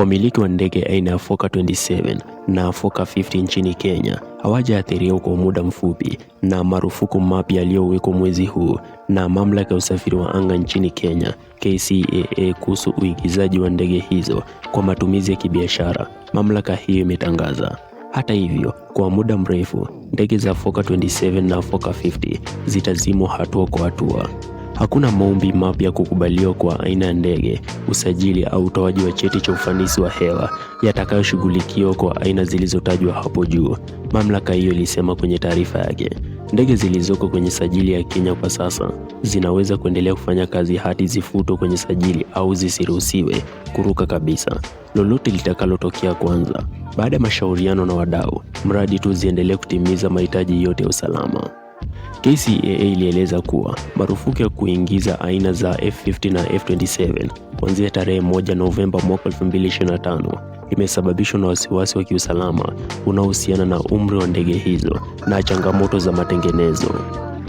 Wamiliki wa ndege aina ya Fokker 27 na Fokker 50 nchini Kenya hawajaathiriwa kwa muda mfupi na marufuku mapya yaliyowekwa mwezi huu na Mamlaka ya Usafiri wa Anga nchini Kenya KCAA kuhusu uigizaji wa ndege hizo kwa matumizi ya kibiashara, mamlaka hiyo imetangaza. Hata hivyo, kwa muda mrefu ndege za Fokker 27 na Fokker 50 zitazimwa hatua kwa hatua. Hakuna maombi mapya kukubaliwa kwa aina ya ndege, usajili au utoaji wa cheti cha ufanisi wa hewa yatakayoshughulikiwa kwa aina zilizotajwa hapo juu, mamlaka hiyo ilisema kwenye taarifa yake. Ndege zilizoko kwenye sajili ya Kenya kwa sasa zinaweza kuendelea kufanya kazi hadi zifutwe kwenye sajili au zisiruhusiwe kuruka kabisa, lolote litakalotokea kwanza, baada ya mashauriano na wadau, mradi tu ziendelee kutimiza mahitaji yote ya usalama. KCAA ilieleza kuwa marufuku ya kuingiza aina za F50 na F27 kuanzia tarehe 1 Novemba mwaka 2025 imesababishwa na wasiwasi wa kiusalama unaohusiana na umri wa ndege hizo na changamoto za matengenezo.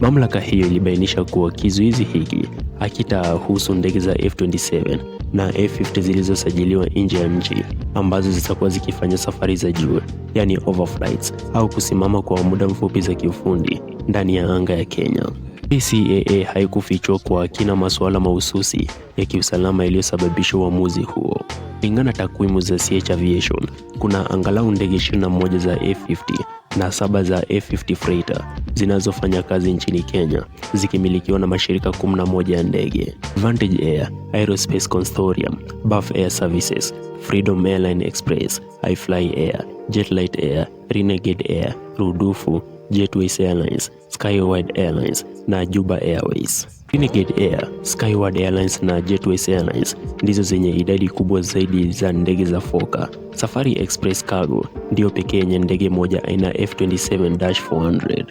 Mamlaka hiyo ilibainisha kuwa kizuizi hiki hakitahusu ndege za F27 na F50 zilizosajiliwa nje ya nchi ambazo zitakuwa zikifanya safari za juu, yani overflights, au kusimama kwa muda mfupi za kiufundi ndani ya anga ya Kenya. PCAA haikufichwa kwa kina masuala mahususi ya kiusalama yaliyosababisha uamuzi huo. Kulingana takwimu za CH Aviation, kuna angalau ndege 21 za A50 na saba za A50 freighter zinazofanya kazi nchini Kenya zikimilikiwa na mashirika 11 ya ndege: Vantage Air, Aerospace Consortium, Buff Air Services, Freedom Airline Express, iFly Air, Jetlight Air, Renegade Air, Rudufu Jetways Airlines, Skyward Airlines na Juba Airways. United Air, Skyward Airlines na Jetways Airlines ndizo zenye idadi kubwa zaidi za ndege za foka. Safari Express Cargo ndiyo pekee yenye ndege moja aina F27-400.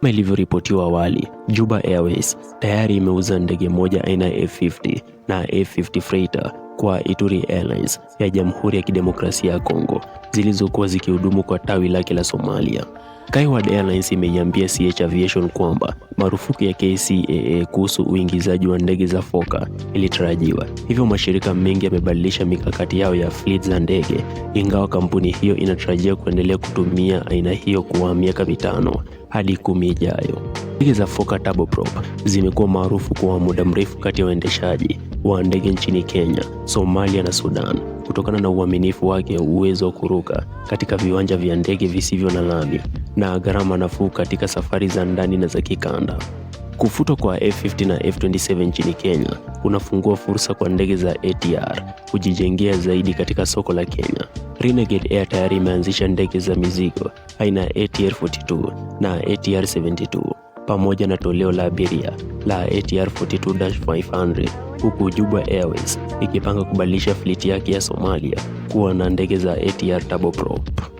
Kama ilivyoripotiwa awali, Juba Airways tayari imeuza ndege moja aina F50 na F50 Freighter kwa Ituri Airlines ya Jamhuri ya Kidemokrasia ya Kongo zilizokuwa zikihudumu kwa tawi lake la Somalia. Kaiwad Airlines imeiambia CH Aviation kwamba marufuku ya KCAA kuhusu uingizaji wa ndege za foka ilitarajiwa, hivyo mashirika mengi yamebadilisha mikakati yao ya fleet za ndege, ingawa kampuni hiyo inatarajia kuendelea kutumia aina hiyo kwa miaka mitano hadi kumi ijayo. Ndege za Fokker turboprop zimekuwa maarufu kwa muda mrefu kati ya waendeshaji wa ndege nchini Kenya, Somalia na Sudan kutokana na uaminifu wake, uwezo wa kuruka katika viwanja vya ndege visivyo na lami na gharama nafuu katika safari za ndani na za kikanda. Kufutwa kwa F-50 na F-27 nchini Kenya kunafungua fursa kwa ndege za ATR kujijengea zaidi katika soko la Kenya. Renegade Air tayari imeanzisha ndege za mizigo aina ya ATR 42 na ATR 72 pamoja na toleo la abiria la ATR 42-500 huku Juba Airways ikipanga kubadilisha fliti yake ya Somalia kuwa na ndege za ATR turboprop.